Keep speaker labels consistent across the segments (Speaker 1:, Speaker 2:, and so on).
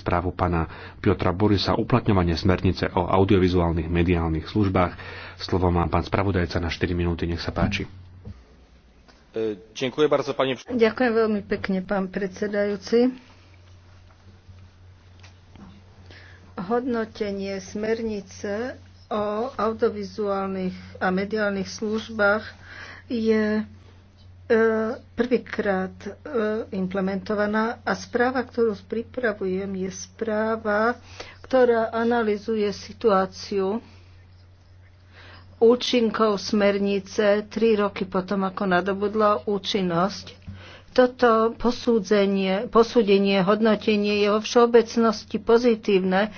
Speaker 1: správu pana Piotra Borisa uplatňovanie smernice o audiovizuálnych mediálnych službách. Slovo má pán spravodajca na 4 minúty, nech sa páči.
Speaker 2: Ďakujem, bardzo, pani...
Speaker 3: Ďakujem veľmi pekne, pán predsedajúci. Hodnotenie smernice o audiovizuálnych a mediálnych službách je E, prvýkrát e, implementovaná a správa, ktorú pripravujem, je správa, ktorá analizuje situáciu účinkov smernice tri roky potom, ako nadobudla účinnosť. Toto posúdenie, posúdenie, hodnotenie je vo všeobecnosti pozitívne,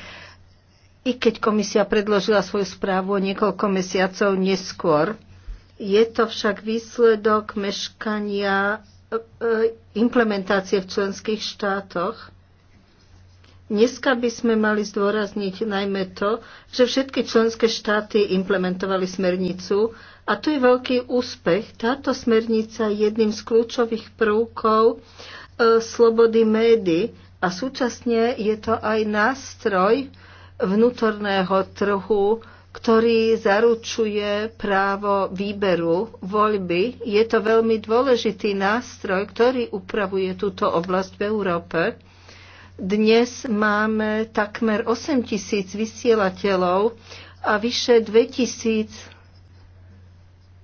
Speaker 3: i keď komisia predložila svoju správu niekoľko mesiacov neskôr. Je to však výsledok meškania e, e, implementácie v členských štátoch. Dneska by sme mali zdôrazniť najmä to, že všetky členské štáty implementovali smernicu a to je veľký úspech. Táto smernica je jedným z kľúčových prvkov e, slobody médií a súčasne je to aj nástroj vnútorného trhu ktorý zaručuje právo výberu voľby. Je to veľmi dôležitý nástroj, ktorý upravuje túto oblasť v Európe. Dnes máme takmer 8 tisíc vysielateľov a vyše 2 tisíc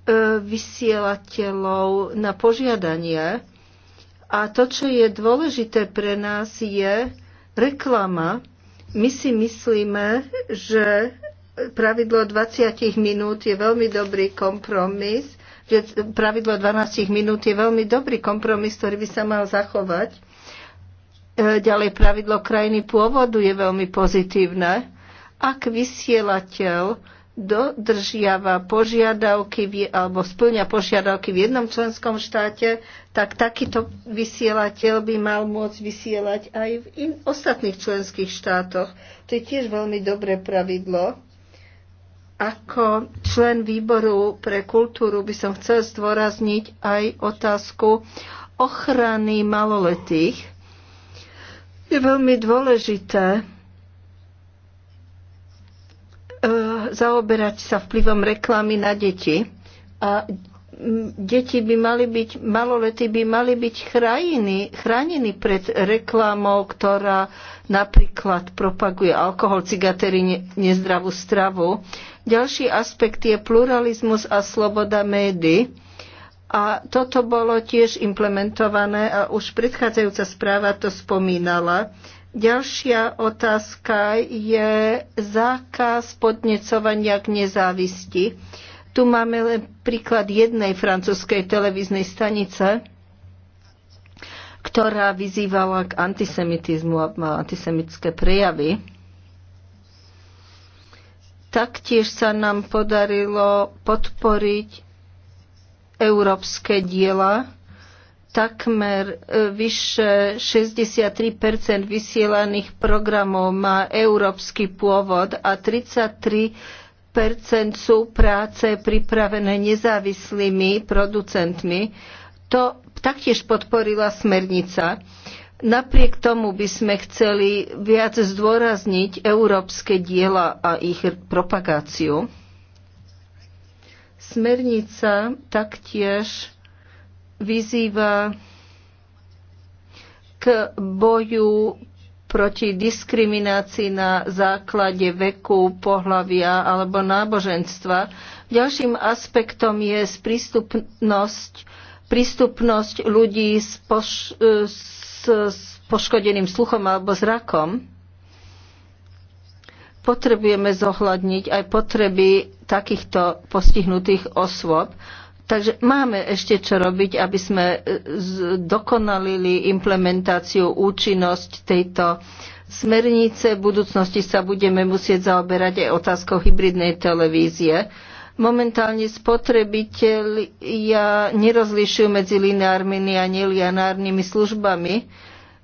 Speaker 3: e, vysielateľov na požiadanie. A to, čo je dôležité pre nás, je reklama. My si myslíme, že pravidlo 20 minút je veľmi dobrý kompromis, že pravidlo 12 minút je veľmi dobrý kompromis, ktorý by sa mal zachovať. E, ďalej pravidlo krajiny pôvodu je veľmi pozitívne. Ak vysielateľ dodržiava požiadavky alebo splňa požiadavky v jednom členskom štáte, tak takýto vysielateľ by mal môcť vysielať aj v in- ostatných členských štátoch. To je tiež veľmi dobré pravidlo. Ako člen výboru pre kultúru by som chcel zdôrazniť aj otázku ochrany maloletých. Je veľmi dôležité eh, zaoberať sa vplyvom reklamy na deti a deti by mali byť, malolety by mali byť chránení, chránení pred reklamou, ktorá napríklad propaguje alkohol, cigatery, ne, nezdravú stravu. Ďalší aspekt je pluralizmus a sloboda médií. A toto bolo tiež implementované a už predchádzajúca správa to spomínala. Ďalšia otázka je zákaz podnecovania k nezávisti. Tu máme len príklad jednej francúzskej televíznej stanice, ktorá vyzývala k antisemitizmu a má antisemické prejavy. Taktiež sa nám podarilo podporiť európske diela. Takmer e, vyše 63 vysielaných programov má európsky pôvod a 33 sú práce pripravené nezávislými producentmi. To taktiež podporila smernica. Napriek tomu by sme chceli viac zdôrazniť európske diela a ich propagáciu. Smernica taktiež vyzýva k boju proti diskriminácii na základe veku, pohlavia alebo náboženstva. Ďalším aspektom je prístupnosť, prístupnosť ľudí s, poš, s, s poškodeným sluchom alebo zrakom. Potrebujeme zohľadniť aj potreby takýchto postihnutých osôb Takže máme ešte čo robiť, aby sme e, dokonalili implementáciu, účinnosť tejto smernice. V budúcnosti sa budeme musieť zaoberať aj otázkou hybridnej televízie. Momentálne spotrebiteľ ja nerozlišujú medzi lineárnymi a nelianárnymi službami.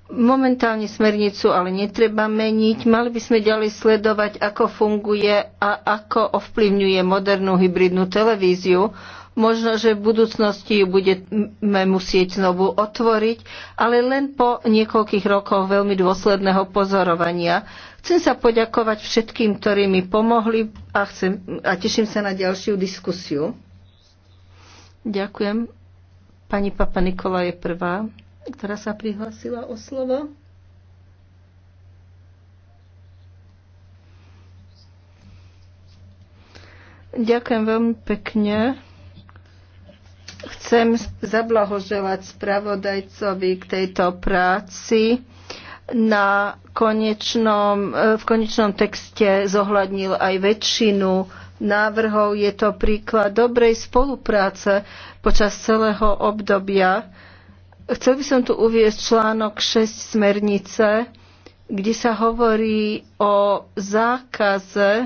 Speaker 3: Momentálne smernicu ale netreba meniť. Mali by sme ďalej sledovať, ako funguje a ako ovplyvňuje modernú hybridnú televíziu Možno, že v budúcnosti ju budeme musieť znovu otvoriť, ale len po niekoľkých rokoch veľmi dôsledného pozorovania. Chcem sa poďakovať všetkým, ktorí mi pomohli a, chcem, a teším sa na ďalšiu diskusiu. Ďakujem. Pani Papa Nikola je prvá, ktorá sa prihlásila o slovo. Ďakujem veľmi pekne. Chcem zablahoželať spravodajcovi k tejto práci. Na konečnom, v konečnom texte zohľadnil aj väčšinu návrhov. Je to príklad dobrej spolupráce počas celého obdobia. Chcel by som tu uviezť článok 6 smernice, kde sa hovorí o zákaze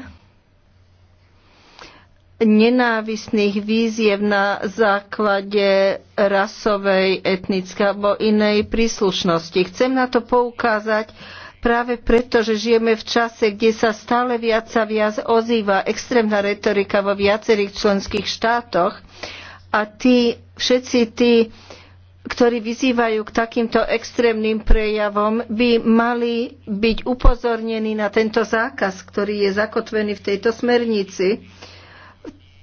Speaker 3: nenávisných výziev na základe rasovej, etnickej alebo inej príslušnosti. Chcem na to poukázať práve preto, že žijeme v čase, kde sa stále viac a viac ozýva extrémna retorika vo viacerých členských štátoch a tí, všetci tí, ktorí vyzývajú k takýmto extrémnym prejavom, by mali byť upozornení na tento zákaz, ktorý je zakotvený v tejto smernici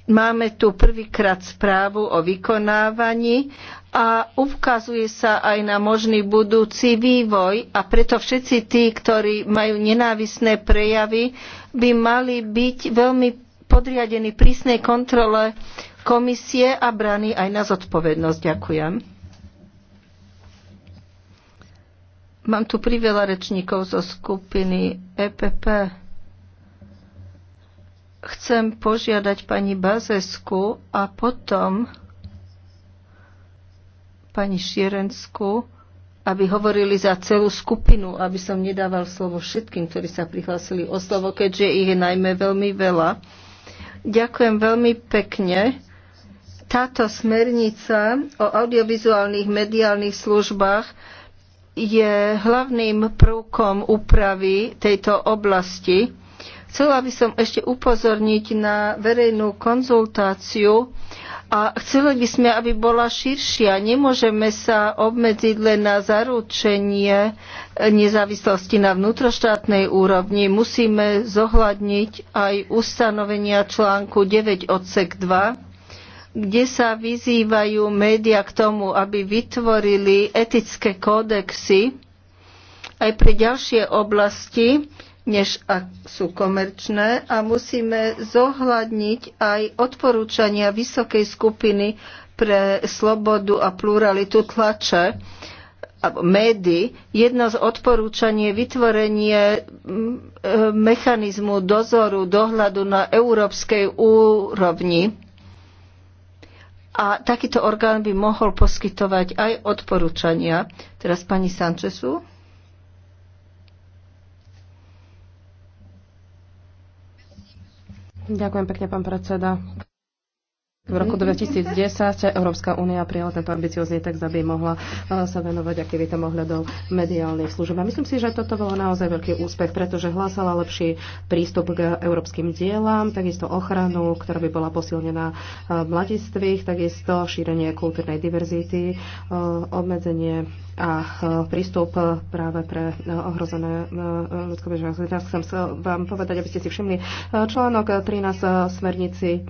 Speaker 3: Máme tu prvýkrát správu o vykonávaní a ukazuje sa aj na možný budúci vývoj a preto všetci tí, ktorí majú nenávisné prejavy, by mali byť veľmi podriadení prísnej kontrole komisie a braní aj na zodpovednosť. Ďakujem. Mám tu priveľa rečníkov zo skupiny EPP. Chcem požiadať pani Bazesku a potom pani Šierensku, aby hovorili za celú skupinu, aby som nedával slovo všetkým, ktorí sa prihlásili o slovo, keďže ich je najmä veľmi veľa. Ďakujem veľmi pekne. Táto smernica o audiovizuálnych mediálnych službách je hlavným prvkom úpravy tejto oblasti Chcela by som ešte upozorniť na verejnú konzultáciu a chceli by sme, aby bola širšia. Nemôžeme sa obmedziť len na zaručenie nezávislosti na vnútroštátnej úrovni. Musíme zohľadniť aj ustanovenia článku 9 odsek 2 kde sa vyzývajú médiá k tomu, aby vytvorili etické kódexy aj pre ďalšie oblasti, než ak sú komerčné a musíme zohľadniť aj odporúčania vysokej skupiny pre slobodu a pluralitu tlače alebo médií. Jedno z odporúčaní je vytvorenie mm, e, mechanizmu dozoru, dohľadu na európskej úrovni. A takýto orgán by mohol poskytovať aj odporúčania. Teraz pani Sančesu.
Speaker 2: Ďakujem pekne, pán predseda. V roku 2010 mhm. Európska únia prijala tento ambiciózny text, aby mohla e, sa venovať aktivitám ohľadov mediálnych služieb. A myslím si, že toto bolo naozaj veľký úspech, pretože hlásala lepší prístup k európskym dielam, takisto ochranu, ktorá by bola posilnená e, mladistvých, takisto šírenie kultúrnej diverzity, e, obmedzenie a e, prístup e, práve pre e, ohrozené ľudské bežnosti. Teraz chcem vám povedať, aby ste si všimli článok 13 smernici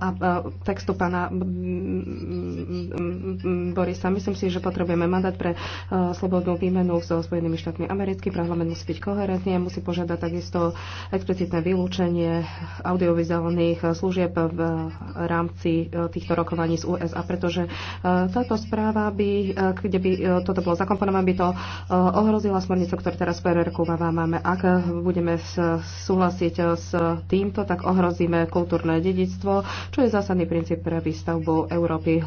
Speaker 2: a textu pána Borisa. Myslím si, že potrebujeme mandát pre e, slobodnú výmenu so Spojenými štátmi americký. Parlament musí byť koherentný, musí požiadať takisto explicitné vylúčenie audiovizuálnych služieb v rámci e, týchto rokovaní z USA, pretože e, táto správa by, kde by toto bolo zakomponované, by to ohrozila smernicu, ktorú teraz máme. Ak budeme súhlasiť s týmto, tak ohrozíme kultúrne dedictvo právo, čo je zásadný princíp pre výstavbu Európy. Eh,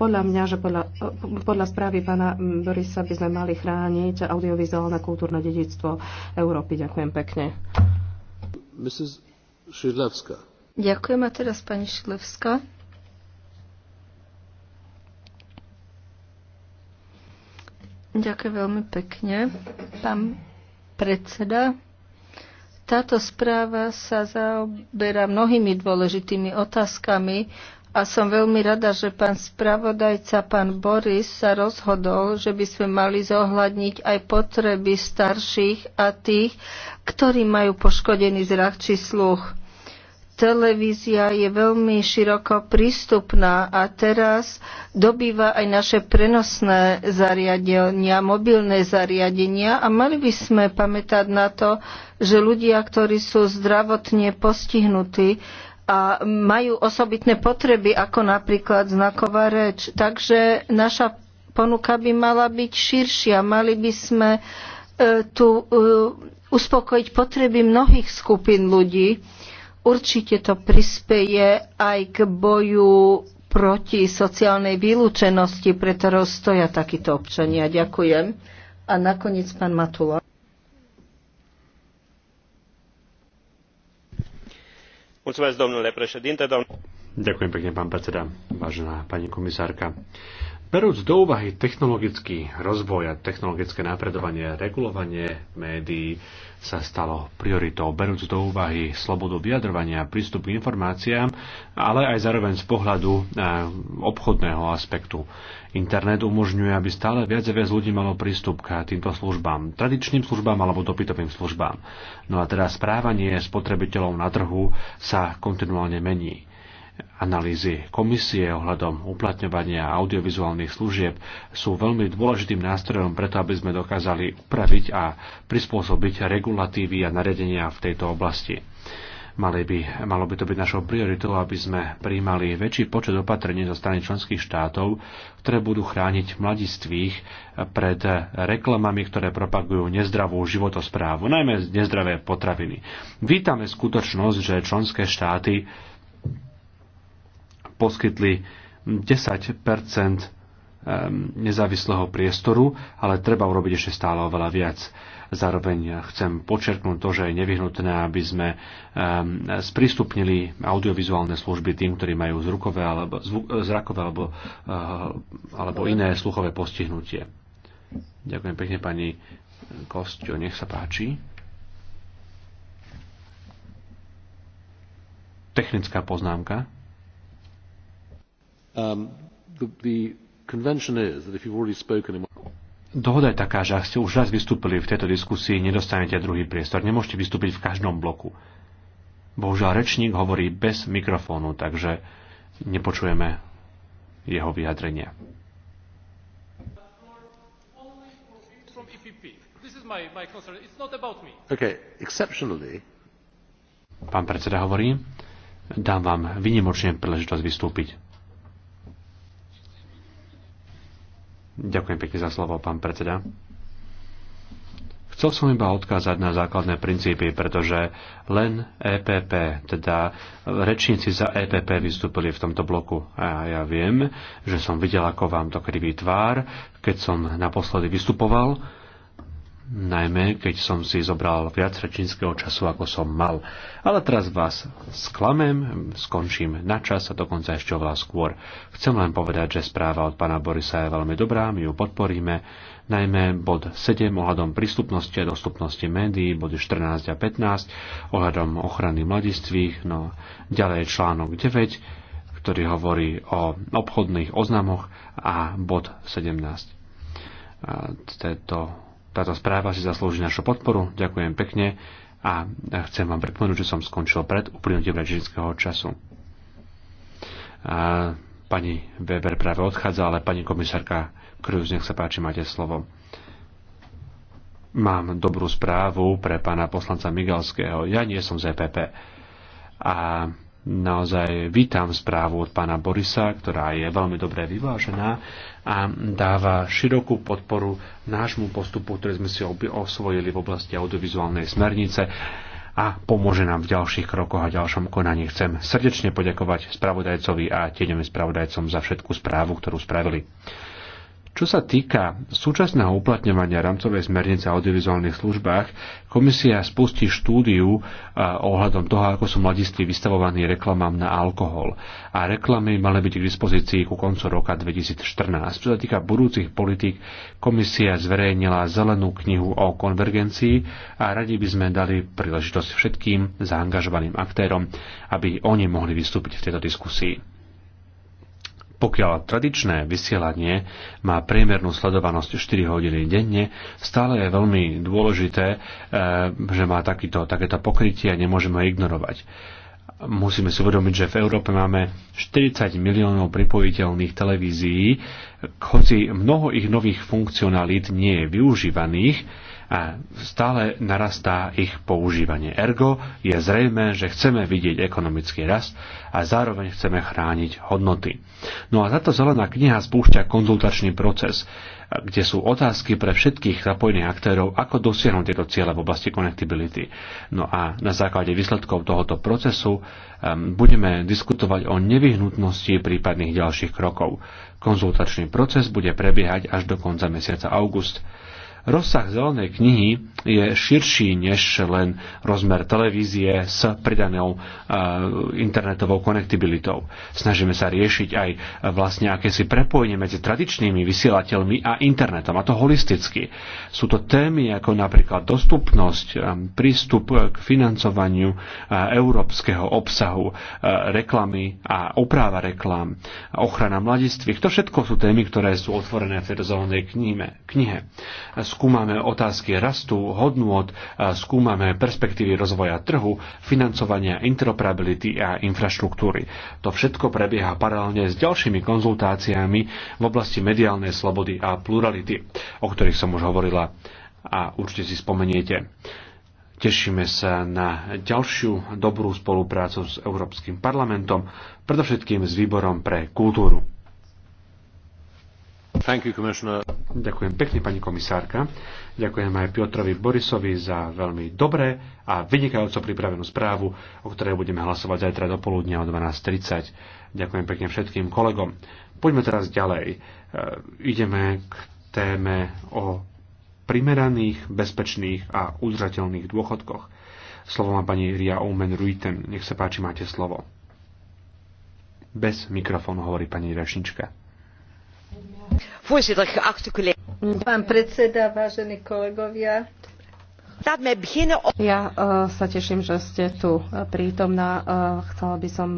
Speaker 2: podľa mňa, že podľa, eh, podľa správy pána Borisa by sme mali chrániť audiovizuálne kultúrne dedictvo Európy. Ďakujem pekne.
Speaker 1: Mrs. Šidlevská.
Speaker 3: Ďakujem a teraz pani Šilevská. Ďakujem veľmi pekne. Pán predseda, táto správa sa zaoberá mnohými dôležitými otázkami a som veľmi rada, že pán spravodajca, pán Boris sa rozhodol, že by sme mali zohľadniť aj potreby starších a tých, ktorí majú poškodený zrak či sluch televízia je veľmi široko prístupná a teraz dobýva aj naše prenosné zariadenia, mobilné zariadenia a mali by sme pamätať na to, že ľudia, ktorí sú zdravotne postihnutí a majú osobitné potreby, ako napríklad znaková reč. Takže naša ponuka by mala byť širšia. Mali by sme e, tu e, uspokojiť potreby mnohých skupín ľudí Určite to prispeje aj k boju proti sociálnej vylúčenosti, pre ktorou stoja takíto občania. Ďakujem. A nakoniec pán Matula.
Speaker 1: Ďakujem pekne, pán predseda, vážená pani komisárka. Berúc do úvahy technologický rozvoj a technologické napredovanie, regulovanie médií sa stalo prioritou. Berúc do úvahy slobodu vyjadrovania, prístup k informáciám, ale aj zároveň z pohľadu eh, obchodného aspektu. Internet umožňuje, aby stále viac a viac ľudí malo prístup k týmto službám, tradičným službám alebo dopytovým službám. No a teda správanie spotrebiteľov na trhu sa kontinuálne mení analýzy komisie ohľadom uplatňovania audiovizuálnych služieb sú veľmi dôležitým nástrojom preto, aby sme dokázali upraviť a prispôsobiť regulatívy a nariadenia v tejto oblasti. Mali by, malo by to byť našou prioritou, aby sme príjmali väčší počet opatrení zo strany členských štátov, ktoré budú chrániť mladistvých pred reklamami, ktoré propagujú nezdravú životosprávu, najmä nezdravé potraviny. Vítame skutočnosť, že členské štáty poskytli 10 nezávislého priestoru, ale treba urobiť ešte stále oveľa viac. Zároveň chcem počerknúť to, že je nevyhnutné, aby sme sprístupnili audiovizuálne služby tým, ktorí majú zrukové alebo, zvuk, zrakové alebo, eh, alebo iné sluchové postihnutie. Ďakujem pekne pani Kostio, nech sa páči. Technická poznámka. Um, Dohoda je taká, že ak ste už raz vystúpili v tejto diskusii, nedostanete druhý priestor. Nemôžete vystúpiť v každom bloku. Bohužiaľ, rečník hovorí bez mikrofónu, takže nepočujeme jeho vyjadrenia. Pán predseda hovorí, dám vám vynimočne príležitosť vystúpiť. Ďakujem pekne za slovo, pán predseda. Chcel som iba odkázať na základné princípy, pretože len EPP, teda rečníci za EPP vystúpili v tomto bloku. A ja viem, že som videl, ako vám to krivý tvár, keď som naposledy vystupoval najmä keď som si zobral viac rečníckého času, ako som mal. Ale teraz vás sklamem, skončím na čas a dokonca ešte oveľa skôr. Chcem len povedať, že správa od pána Borisa je veľmi dobrá, my ju podporíme, najmä bod 7 ohľadom prístupnosti a dostupnosti médií, body 14 a 15 ohľadom ochrany mladistvých, no ďalej článok 9, ktorý hovorí o obchodných oznamoch a bod 17. Tieto táto správa si zaslúži našu podporu. Ďakujem pekne a chcem vám pripomenúť, že som skončil pred uplynutím rečníckého času. A pani Weber práve odchádza, ale pani komisárka Kruz, nech sa páči, máte slovo. Mám dobrú správu pre pána poslanca Migalského. Ja nie som z EPP. A Naozaj vítam správu od pána Borisa, ktorá je veľmi dobre vyvážená a dáva širokú podporu nášmu postupu, ktorý sme si osvojili v oblasti audiovizuálnej smernice a pomôže nám v ďalších krokoch a ďalšom konaní. Chcem srdečne poďakovať spravodajcovi a tieňovým spravodajcom za všetku správu, ktorú spravili. Čo sa týka súčasného uplatňovania rámcovej smernice o audiovizuálnych službách, komisia spustí štúdiu e, ohľadom toho, ako sú mladiství vystavovaní reklamám na alkohol. A reklamy mali byť k dispozícii ku koncu roka 2014. Čo sa týka budúcich politík, komisia zverejnila zelenú knihu o konvergencii a radi by sme dali príležitosť všetkým zaangažovaným aktérom, aby oni mohli vystúpiť v tejto diskusii. Pokiaľ tradičné vysielanie má priemernú sledovanosť 4 hodiny denne, stále je veľmi dôležité, eh, že má takýto, takéto pokrytie a nemôžeme ho ignorovať. Musíme si uvedomiť, že v Európe máme 40 miliónov pripojiteľných televízií, hoci mnoho ich nových funkcionalít nie je využívaných, a stále narastá ich používanie. Ergo je zrejme, že chceme vidieť ekonomický rast a zároveň chceme chrániť hodnoty. No a táto zelená kniha spúšťa konzultačný proces, kde sú otázky pre všetkých zapojených aktérov, ako dosiahnuť tieto ciele v oblasti connectability. No a na základe výsledkov tohoto procesu um, budeme diskutovať o nevyhnutnosti prípadných ďalších krokov. Konzultačný proces bude prebiehať až do konca mesiaca august. Rozsah zelenej knihy je širší než len rozmer televízie s pridanou e, internetovou konektibilitou. Snažíme sa riešiť aj e, vlastne akési prepojenie medzi tradičnými vysielateľmi a internetom, a to holisticky. Sú to témy ako napríklad dostupnosť, e, prístup k financovaniu európskeho obsahu, reklamy a oprava reklám, ochrana mladistvých. To všetko sú témy, ktoré sú otvorené v tejto zelenej knihe. Skúmame otázky rastu, hodnôt, e, skúmame perspektívy rozvoja trhu, financovania interoperability a infraštruktúry. To všetko prebieha paralelne s ďalšími konzultáciami v oblasti mediálnej slobody a plurality, o ktorých som už hovorila a určite si spomeniete. Tešíme sa na ďalšiu dobrú spoluprácu s Európskym parlamentom, predovšetkým s výborom pre kultúru. Ďakujem pekne, pani komisárka. Ďakujem aj Piotrovi Borisovi za veľmi dobré a vynikajúco pripravenú správu, o ktorej budeme hlasovať zajtra do poludnia o 12.30. Ďakujem pekne všetkým kolegom. Poďme teraz ďalej. E, ideme k téme o primeraných, bezpečných a udržateľných dôchodkoch. Slovo má pani Ria Omen Ruiten. Nech sa páči, máte slovo. Bez mikrofónu hovorí pani Rešnička.
Speaker 3: Voorzitter, geachte collega's. Pán predseda, vážení kolegovia.
Speaker 2: Ja eh, sa teším, že ste tu eh, prítomná. Eh,
Speaker 3: chcela by som